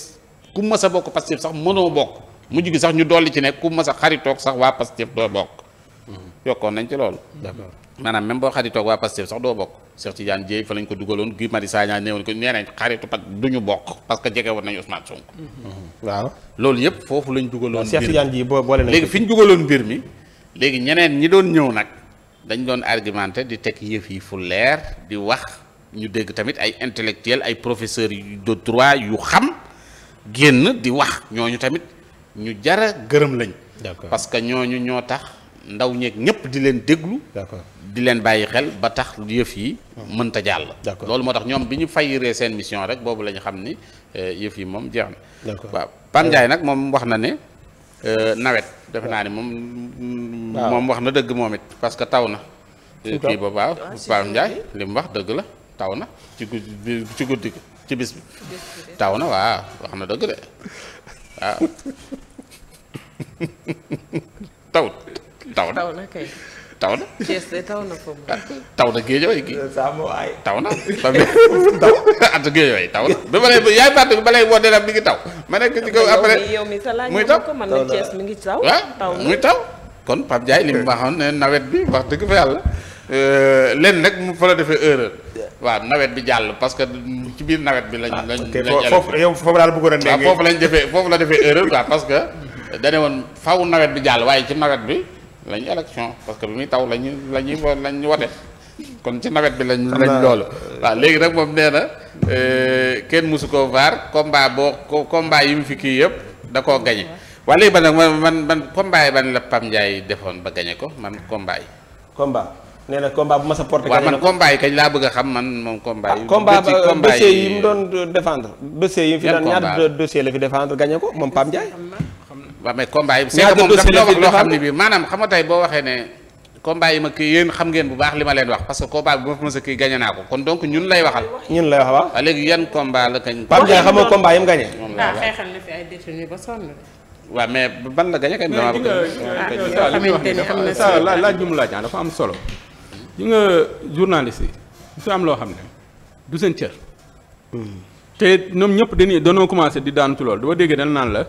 ku mës a bokk Pastef sax mënoo bokk mu gi sax ñu dolli ci ne ku mës a xaritoog sax waa Pastef doo bokk mhm. yokkoon nañ ci loolu. d'accord maanaam même boo xaritoog waa Pastef sax doo bokk. Cheikh Tidiane Dièye fa lañ ko dugaloon Guy Marius Sagna néewoon ko nee xaritu pat du bokk parce que jege woon nañu Ousmane Sonko. Mm-hmm. waaw loolu yëpp foofu lañ dugaloon. Cheikh Tidiane Dièye boo boole nañ léegi mbir mi léegi ñeneen ñi doon ñëw nag dañ doon argumenté di teg yëf yi fu leer di wax ñu dégg tamit ay intellectuel ay professeurs de droit yu xam génn di wax ñooñu tamit ñu jara gërëm lañ. parce ñooñu ñoo tax. ndaw ñeeg ñëpp di leen déglu. di leen bàyyi xel ba tax yëf yi. Hmm. mënta jàll. d'accord loolu moo tax ñoom bi ñu fayiree seen mission rek boobu la xam ni eh, yëf yi moom jeex na. d'accord waaw Pam Ndiaye euh. nag moom wax na ne euh, nawet. defe naa ni moom. moom wax na dëgg moom parce que taw na. kii ba waaw ah, Pam wax dëgg la taw na ci guddi ci guddi ci bis bi. taw na waaw wax na dëgg de tawut. taw na taw na kay. taw na Thiès de taw na foofu. taw na géejooy gi. taw na. taw at géejooy taw na. ba ma ne yaay fàtte ba léegi boo dee mi ngi taw. ma nekk ci kaw après yow mi sa laaj muy taw mën na mi ngi taw. taw muy taw. kon Pape jaay li mu waxoon ne nawet bi wax dëgg fa yàlla lenn nag mu fa la defee erreur. waa nawet bi jàll parce que ci biir nawet bi. lañ lañ lañ foofu yow foofu daal bëggoon a dégg. waaw foofu lañ defee foofu la defee erreur waaw parce que da ne woon faaw nawet bi jàll waaye ci nawet bi. lañu élection parce que bi muy taw lañu lañuy lañ wote kon ci nawet bi lañ lañ loolu waaw léegi nag moom nee na euh, kenn mosu ko vaar combat boo combat yi mu fi kii yëpp da koo gañe waa léegi ban nag man man man combat yi ban la Pam Ndiaye defoon ba gañe ko man combat yi combat nee na combat bu ma sa porté waaw man combat yi kañ laa bëgg a xam man moom combat yi ah, combat dossier yi mu doon défendre dossier yi mu fi daan ñaar dossier la fi défendre gañe ko moom Pam Ndiaye waaw mais combat yi moom loo xam ne bii maanaam xam nga tey ne combat yi ma kii yéen xam ngeen bu baax li ma leen wax parce que combat a kii gagné naa ko kon donc ñun lay waxal. ñun lay wax waaw léegi yan combat la kañ. Pape Ndiaye xam nga combat yi mu gagné. moom ah, la xeexal ba ban la gagné kañ. dama bëgg a ne ah, am la laaj bi mu laaj dafa am solo. ñu nga journaliste yi su am loo xam ne du seen cër. Hmm. te ñoom ñëpp dañuy dañoo commencé di daan ci loolu dama dégg dañ naan la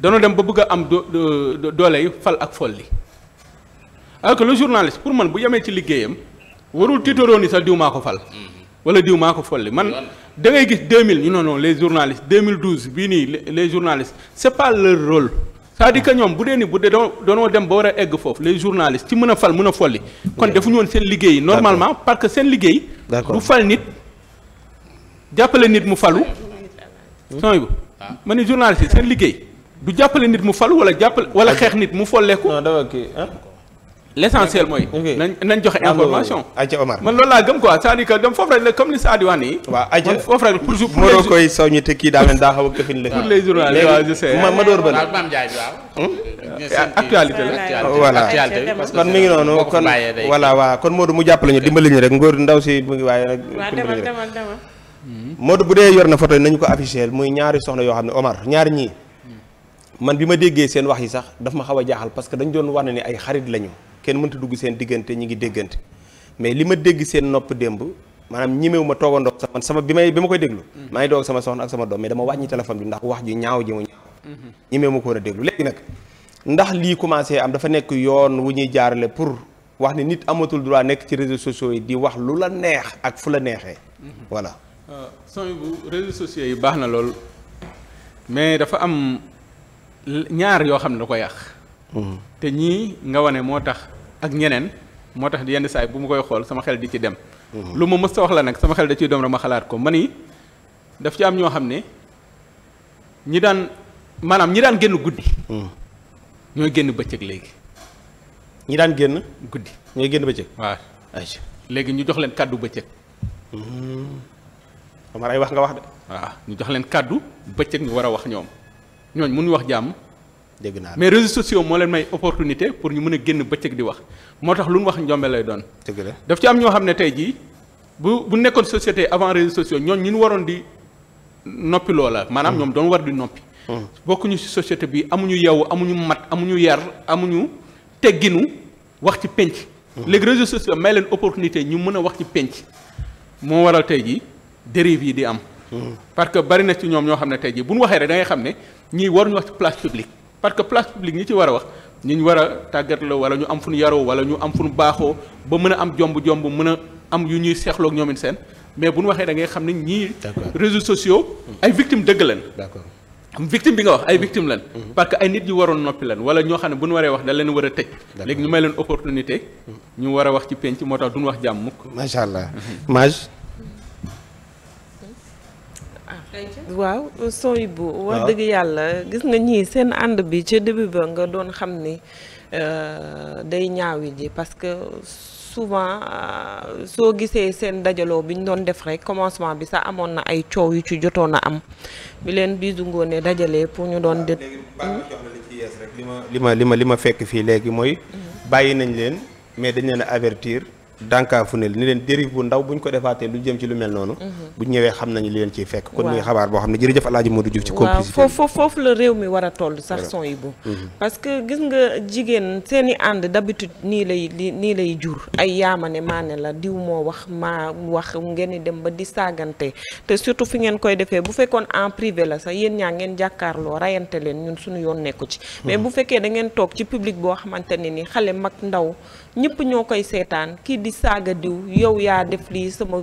danoo dem ba bëgg a am doole yi fal ak folli li que le journaliste pour man bu yemee ci liggéeyam warul tiitooroon ni sax diw maa ko fal. Mm-hmm. wala diw maa ko folli man da ngay gis 2000 ñu non non les journalistes 2012 bii nii les journalistes c'est pas leur rôle. cest bu dee ni bu dee dem ba war a egg foofu les journalistes ci mën a fal mën a kon defuñu woon seen liggéey normalement parce que seen liggéey. du fal nit jàppale nit mu falu. sooy bu ah. ma ni journaliste seen liggéey. du jàppale nit mu fal wala jàppale wala xeex nit mu folleeku. non dama kii l' essentiel mooy. nañ nañ joxe information. ayca Omar man loolu laa gëm quoi c'est-à-dire dem foofu rek comme li Sadio wax nii. waaw ayca man foofu rek pour. pour les koy saw ñu te kii a këfin la. pour les door ba hmm? actualité la oh, voilà kon mi ngi noonu kon voilà waaw kon Modou mu jàppale ndaw si mu ngi waaye bu dee yor na photo yi nañu ko affiché muy ñaari soxna yoo xam ne Omar ñaari ñii man bi ma déggee seen wax yi sax daf ma xaw a jaaxal parce que dañ doon wax ne ni ay xarit lañu kenn mënta dugg seen diggante ñi ngi déggante mais li ma dégg seen nopp démb maanaam ñimewu ma toogandoo sax man sama bi may bi ma koy déglu mm-hmm. maa ngi doog sama soxna ak sama doom mais dama wàññi téléphone bi ndax wax ju mm-hmm. a ndax lii commencé am dafa nekk yoon wu ñuy jaarale pour wax ni nit amatul droit nekk ci réseaux sociaux yi di wax lu la neex ak fu la neexee mm-hmm. voilà euh, sooy bu yi baax na lool mais dafa am ñaar yoo xam ne da ko yàq. Hmm. te ñii nga wane moo tax ak ñeneen moo tax yenn saay bu ma koy xool sama xel di ci dem. Hmm. lu ma mës sa wax la nag sama xel da ciy doom rek ma xalaat ko ma ni daf ci am ñoo xam ne ñi daan maanaam ñi daan génn guddi. Hmm. ñooy génn bëccëg léegi. ñi daan génn. guddi ñooy génn bëccëg. waa ayca léegi ñu jox leen kàddu bëccëg. Omar ay wax nga wax de. waaw ñu jox leen kàddu bëccëg ñu war a wax ñoom. ñooñ mënuñu wax jàmm. dégg naa mais réseaux sociaux moo leen may opportunité pour ñu mën a génn bëccëg di wax moo tax lu ñu wax njombe lay doon. dëgg la daf ci am ñoo xam ne tey jii bu bu nekkoon société avant réseaux sociaux ñooñ ñu waroon di noppi loola. maanaam mm. ñoom doon war di noppi. Mm. bokkuñu ci société bi amuñu yow amuñu mat amuñu yar amuñu tegginu wax ci penc. Mm. léegi réseaux sociaux may leen opportunité ñu mën a wax ci penc moo waral tey jii dérive yi di am. parce que bari na ci ñoom ñoo xam ne tey jii bu ñu waxee rek da xam ne ñii waruñu wax ci place publique parce que place publique ñi ci war a wax ñi ñu war a tàggat la wala ñu am fu ñu yaroo wala ñu am fu ñu baaxoo ba mën a am jomb-jomb mën a am yu ñuy seexloog ñoom seen mais bu ñu waxee da ngay xam ne ñii réseaux sociaux ay victimes dëgg lañ d'accord victime bi nga wax ay victime lan mm-hmm. parce que ay nit yu waroon noppi lan wala ñoo xam ne bu waree wax da leen war a tëj léegi ñu may leen opportunité ñu war a wax ci penc moo tax duñu wax jàmm mukk macha allah mm-hmm. maj waaw sooy bu wax dëgg yàlla gis nga ñii seen ànd bi ca début ba nga doon xam ni euh, day ñaawi ji parce que souvent euh, soo gisee seen dajaloo bi ñu doon def rek commencement bi sax amoon na ay coow yu ci jotoon a am bi leen biisu ngoone dajalee pour ñu doon. dë li ma li ma li ma fekk fii léegi mooy. Mm-hmm. bàyyi nañ leen mais dañ leen avertir. fu ne ni leen dérive bu ndaw buñ ko defaatee lu jëm ci lu mel noonu mhm. bu ñëwee xam nañu leen ciy fekk kon muy xabaar boo xam ne jërëjëf Alaaji Modou Diouf ci complicité waaw foofu foofu réew mi war a toll sax son yi bu mhm. parce que gis nga jigéen seen i ànd d'habitude nii lay li nii lay jur ay yaamane maane la diw moo wax maa wax ngeen dem ba di saagante te surtout fi ngeen koy defee bu fekkoon en privé la sax yéen ñaa ngeen jàkkaarloo rayante leen ñun suñu yoon nekku ci mhm. mais bu fekkee dangeen toog ci public boo xamante ne ni xale mag ndaw ñëpp ñoo koy seetaan kii di saaga diw yow yaa def lii sama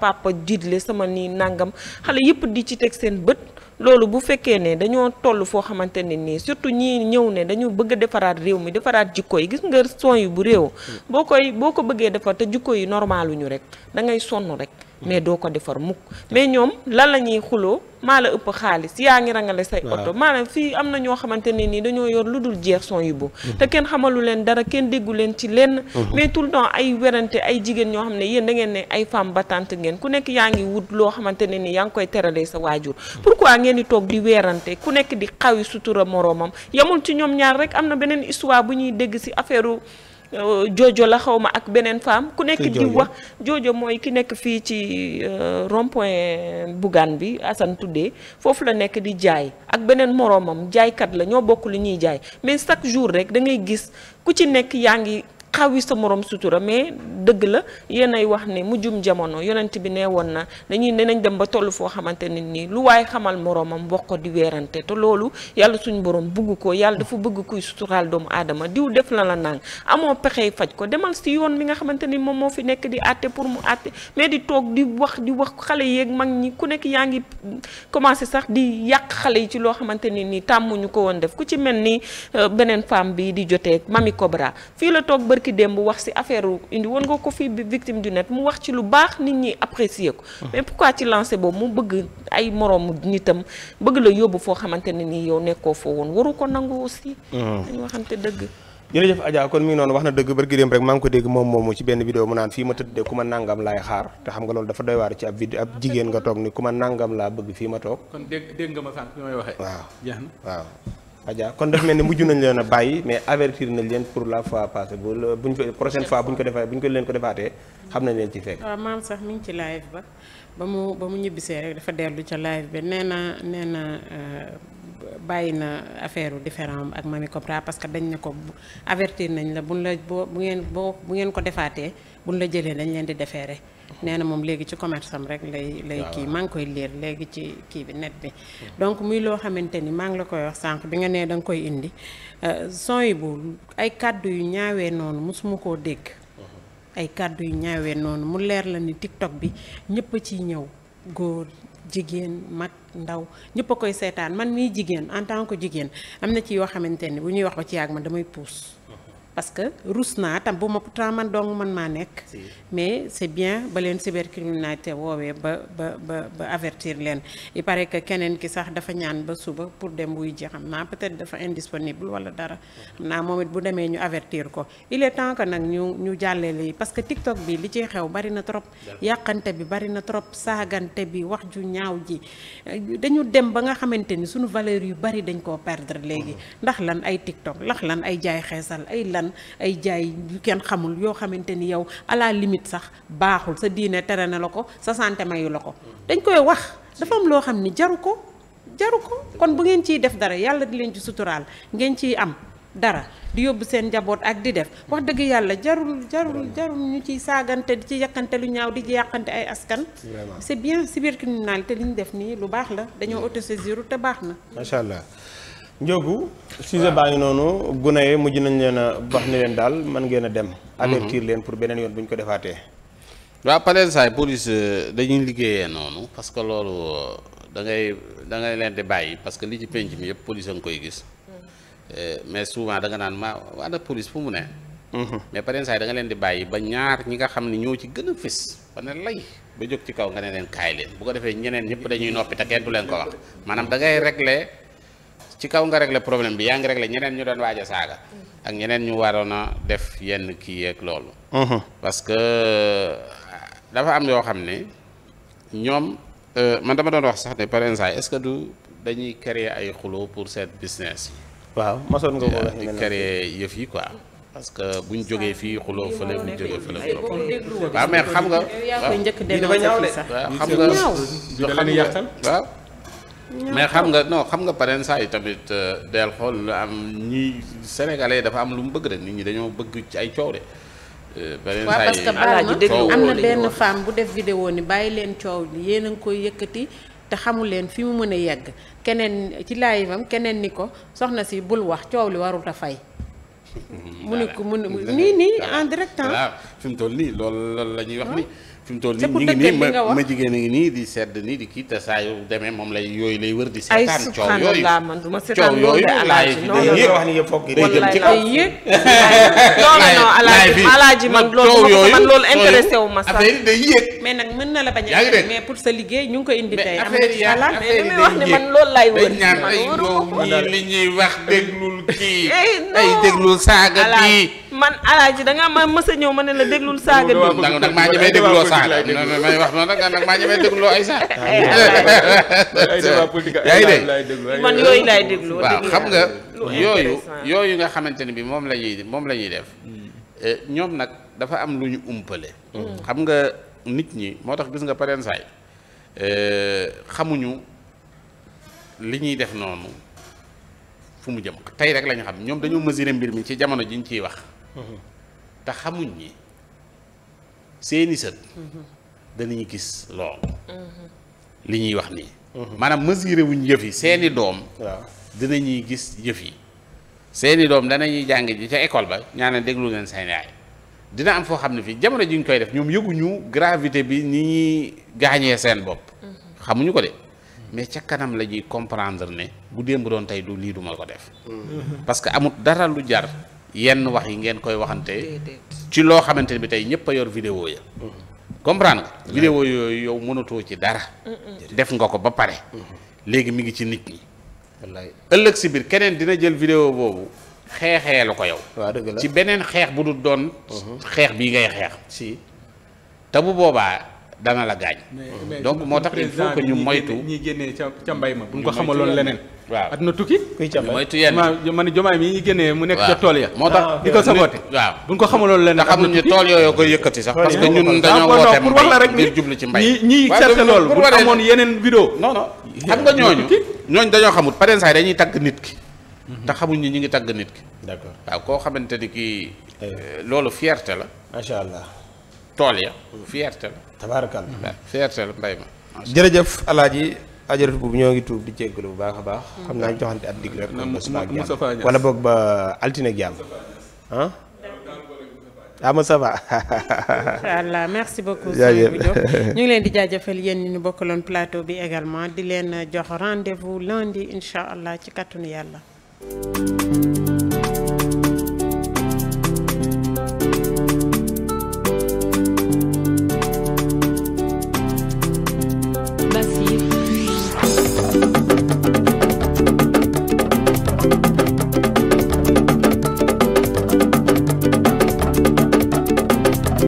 papa jiitle sama nii nangam xale yëpp di ci teg seen bët loolu bu fekkee ne dañoo toll foo xamante ne nii surtout ñii ñëw ne dañu bëgg defaraat réew mi defaraat jikko yi gis nga son yu bu réew mm. boo koy boo ko bëggee defar te jikko yi normaluñu rek da ngay sonn rek mais doo ko defar mukk mais ñoom lan la ñuy xuloo maa la ëpp xaalis yaa ngi rangale say oto maanaam fii am na ñoo xamante ne nii dañoo yor lu dul jeex son yu bu mhm. te kenn xamalu leen dara kenn déggu leen ci lenn mhm. mais tout le ay werante ay jigéen ñoo xam ne yéen dangeen ne ay femme battante ngeen ku nekk yaa ngi wut loo xamante ne nii yaa ngi koy teralee sa waajur pour pourquoi ngeen di toog di weerante ku nekk di xawi sutura moroomam yamul ci ñoom ñaar rek am na beneen histoire bu ñuy dégg si affaire Euh, joojo la xawma ak beneen femme ku nekk di wax joojo mooy ki nekk fii ci euh, rond-point Bougane bi Assane Tuddee foofu la nekk di jaay ak beneen moroomam jaaykat la ñoo bokk lu ñuy jaay mais chaque jour rek da gis ku ci nekk yaa ngi xawi sa morom sutura mais dëgg la yéen ay wax ne mujjum jamono yonent bi nee woon na dañuy dinañ dem ba tollu foo xamante ne nii lu waaye xamal moromam wax ko di weerante te loolu yàlla suñ boroom bugg ko yàlla dafa bëgg kuy suturaal doomu aadama diw def na la nang amoo pexey faj ko demal si yoon mi nga xamante ni moom moo fi nekk di àtte pour mu àtte mais di toog di wax di wax xale yeeg mag ñi ku nekk yaa ngi commencé sax di yàq xale yi ci loo xamante ni nii tàmmuñu ko woon def ku ci mel ni euh, beneen femme bi di joteeg Mami Cobra bërki démb bu wax si affaire indi woon nga ko fii bi victime du net mu wax ci lu baax nit ñi apprécier ko ah. mais pourquoi ci lancé boobu mu bëgg ay moroom nitam bëgg la yóbbu foo xamante ne nii yow nekkoo foo woon waru ko nangu aussi ah. dañu waxante dëgg jërëjëf Adja kon mi ngi noonu wax na dëgg barki dem rek maa ngi ko dégg moom moomu ci benn vidéo mu naan fii ma tëdd de ku ma nangam laay xaar te xam nga loolu dafa doy waar ci ab vidéo ab jigéen nga toog ni ku ma nangam laa bëgg fii ma toog dégg dégg ma sànq fi may waxee waaw jeex Adja kon daf mel ne mujj nañ leen a bàyyi mais avertir nañ leen pour la fois passée bu buñ ko prochaine fois ko defee buñ ko leen ko defaatee xam na leen ci fekk. waaw maam sax mi ci live ba ba mu ba mu ñibbisee rek dafa dellu ca live bi nee na nee na euh, bàyyi na affaire différent ak Mamy Cobra parce que dañ ne ko avertir nañ la buñ la boo bu ngeen boo bu ngeen ko defaatee buñ la jëlee dañ leen di defeere nee na moom léegi ci commerce am rek lay lay kii maa ngi koy liir léegi ci kii bi net bi donc muy loo xamante ni maa ngi la koy wax sànq bi nga nee danga koy indi euh, son yi bu ay kàddu yu ñaawee noonu mosuma koo dégg uh-huh. ay kàddu yu ñaawee noonu mu leer la ni TikTok bi ñëpp ci ñëw góor jigéen mag ndaw ñëpp a koy seetaan man mii jigéen en tant que jigéen am na ci yoo xamante ni bu ñuy wax ba ci yàgg ma damay puus parce que rus naa tam bu ma pourtant man dong man maa nekk. mais c' est bien ba leen cybercriminalité woowee ba ba ba avertir leen il paraît que keneen ki sax dafa ñaan ba suba pour dem wuy ji xam naa peut-être dafa indisponible wala dara. xam naa moom it bu demee ñu avertir ko il est temps que nag ñu ñu jàllee lii parce que TikTok bi li ciy xew bari na trop. yàqante bi bari na trop saagante bi wax ju ñaaw ji dañu dem ba nga xamante ni suñu valeur yu bari dañ koo perdre léegi mm-hmm. ay jaay yu kenn xamul yoo xamante ni yow alaa la sax baaxul sa diine tere na la ko sa santé mayu la ko dañ koy wax dafa am loo xam ni jaru ko jaru ko kon bu ngeen ciy def dara yàlla di leen ci suturaal ngeen ciy am dara di yóbbu seen njaboot ak di def wax dëgg yàlla jarul jarul jarul ñu ciy saagante di ci yàqante lu ñaaw di ci yàqante ay askan c'est bien cybercriminalité li ñu def nii lu baax la dañoo mm. autosaisir te baax na macha allah Ndiogou sujet baa ngi noonu gune mujj nañ leen a wax ni leen daal man ngeen a dem. Mhm. avertir leen pour beneen yoon bu ñu ko defaatee. waaw pareen saay police euh, dañuy liggéeyee noonu parce que loolu euh, da ngay da ngay leen di bàyyi parce que li ci penc mi yëpp police a nga koy gis. Mhm. Euh, mais souvent da nga naan ma waa police fu mu ne. Mhm. mais pareen saay da nga leen di bàyyi ba ñaar ñi nga xam ni ñoo ci gën a fës ba ne lay. ba jóg ci kaw nga ne leen kaay leen bu ko defee ñeneen ñëpp dañuy noppi te kenn leen ko wax da ci kaw nga régler problème bi yaa ngi régler ñeneen ñu doon waaj a saaga ak ñeneen ñu waroon def yenn kii yeeg loolu mhm. parce que dafa am yoo xam ne ñoom euh, man dama doon wax sax ne par exemple est-ce que du dañuy créer ay xuloo pour set business yi waaw masoon nga ko di créer yëf yi quoi buñ jógee fii xuloo fële buñ jógee fële waaw mais xam nga xam nga waaw mais xam nga non xam nga pareen saa yi tamit euh, del xool lu am ñi sénégalais dafa am lu mu bëgg rek nit ñu dañoo bëgg ci ay coow de. beneen euh, saa parce que am na benn femme bu def video ni bàyyi leen coow li yéen a ngi koy yëkkati te xamul leen fi mu mën a yegg keneen ci live keneen ni ko soxna si bul wax coow li warut a fay. mu ni ko mu nii nii en direct. fi mu toll nii loolu loolu la ñuy wax ni fi mu toll nii ñu ngi nii ma a ngi nii di sedd nii di kii te saa yu demee moom lay yooyu lay wër di seetaan coow yooyu coow yooyu laay bi man loolu man loolu ma la a mais pour sa liggéey ñu ngi koy indi tey affaire yi mais damay wax ne man loolu laay wër ñaan ay doom yi li ñuy wax déglul kii eh, ay déglul saaga kii man alaaji da nga ma mës a ñëw ma ne la déglul saaga kii lay déglu may wax noonu nag maa ñemee déglu ay ay débat laay déglu man waaw xam nga yooyu yooyu nga xamante ne bi moom lañuy moom la def. Hmm. Eh, ñoom nag dafa am lu ñu umpale. Hmm. xam nga nit ñi moo tax gis nga pareen saay eh, xamuñu li ñuy def noonu fu mu jëm tey rek lañu xam ñoom dañoo mesurer mbir mi ci jamono ji ñu ciy wax. Hmm. te xamuñ ñi seeni sët danañu gis loolu li ñuy wax nii maanaam mesuré wuñ yëf yi seeni doom dinañuy gis yëf yi seeni doom danañuy jàng ji ca école ba ñaanal déglu leen seen yaay dina am foo xam ne fii jamono ji ñu koy def ñoom yëguñu gravité bi ni ñuy gaañee seen bopp xamuñu ko de mais ca kanam la ñuy comprendre ne bu démb doon tey du lii duma ko def mm. parce que amut dara lu jar yenn wax yi ngeen koy waxante ci loo xamante ne bi tey ñëpp a yor vidéo ya comprendre nga vidéo yooyu yow mënatoo ci dara def nga ko ba pare léegi mi ngi ci nit ñi ëllëg si biir keneen dina jël vidéo boobu xeexee la ko yow ci beneen xeex bu du doon mm-hmm. xeex bii ngay xeex si te bu boobaa dana la gaañ donc moo tax il faut que ñu moytu ca ca mbay ma bu ñu ko loolu leneen waaw na tukki. kuy càmbar mooy tuyeen bi ma ne jomaay mi ñuy génnee mu nekk ca tool ya. moo tax ah. di ko saboté. waaw buñ ko xamaloon lenn. xam nañ ne tool yooyu koy yëkkati sax. parce que ñun dañoo woote pour wax la rek ngir jublu ci mbay. ñi ñiy xam nga ñooñu. ñooñu dañoo xamut parents yi dañuy tagg nit ki. Mhm. te xamuñ ni ñu ngi tagg nit ki. d'accord waaw koo xamante ni kii. Eh. loolu fierté la. macha allah tool ya. fierté la. tabaarakallah fierté la mbay ma. jërëjëf ajaratu boobu ñoo ngi tuub di jéggalu bu baax a baax. Mm. xam naa joxante ab dig rek. wala boog ba altine ak jàmm ah. ah ma ça va. incha allah merci beaucoup. jaajëf ñu ngi leen di jaajëfal yéen ñi ñu bokkaloon plateau bi également di leen jox rendez-vous lundi incha allah ci kàttanu yàlla.